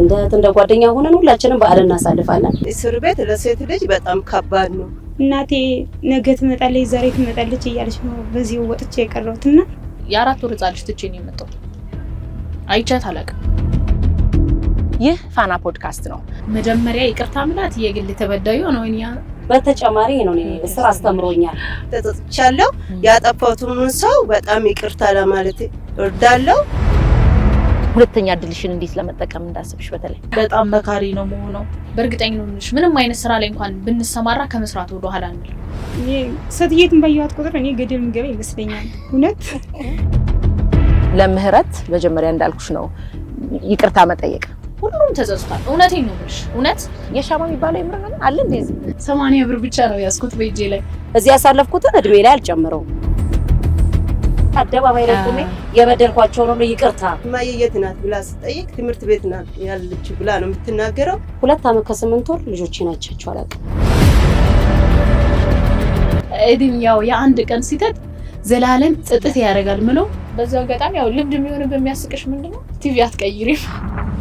እንደ እንደ ጓደኛ ሆነን ሁላችንም በዓል እናሳልፋለን። እስር ቤት ለሴት ልጅ በጣም ከባድ ነው። እናቴ ነገ ትመጣለች፣ ዛሬ ትመጣለች እያለች ነው በዚህ ወጥቼ የቀረሁት እና የአራት ወር ህጻን ልጅ ትቼ ነው የመጣሁት። አይቻት አላውቅም። ይህ ፋና ፖድካስት ነው። መጀመሪያ ይቅርታ ምላት የግል ተበዳዩ ነው። እኛ በተጨማሪ ነው እስር አስተምሮኛል። ተጠጥቻለሁ። ያጠፋሁትን ሰው በጣም ይቅርታ ለማለት እወዳለሁ። ሁለተኛ እድልሽን እንዴት ለመጠቀም እንዳስብሽ በተለይ በጣም መካሪ ነው መሆነው። በእርግጠኝ በእርግጠኝነት ምንም አይነት ስራ ላይ እንኳን ብንሰማራ ከመስራት ወደ ኋላ አንል። ሴትየትን ባየኋት ቁጥር እኔ ገደል ምገበ ይመስለኛል። እውነት ለምህረት መጀመሪያ እንዳልኩሽ ነው ይቅርታ መጠየቅ። ሁሉም ተዘዝቷል። እውነቴን ነው የምልሽ። እውነት የሻማ የሚባለው የምር አለ። እንደዚህ ሰማንያ ብር ብቻ ነው ያስኩት በእጄ ላይ። እዚህ ያሳለፍኩትን እድሜ ላይ አልጨምረውም አደባባይ ላይ ቆሜ የበደልኳቸውን ሁሉ ይቅርታ እማዬ የት ናት ብላ ስጠይቅ ትምህርት ቤት ናት ያለች ብላ ነው የምትናገረው። ሁለት ዓመት ከስምንት ወር ልጆች ናቻቸው አላውቅም። እድሜያው የአንድ ቀን ሲተት ዘላለም ጽጥት ያደርጋል ምለው በዚያው አጋጣሚ ያው ልምድ የሚሆን በሚያስቅሽ ምንድነው ቲቪ አትቀይሪም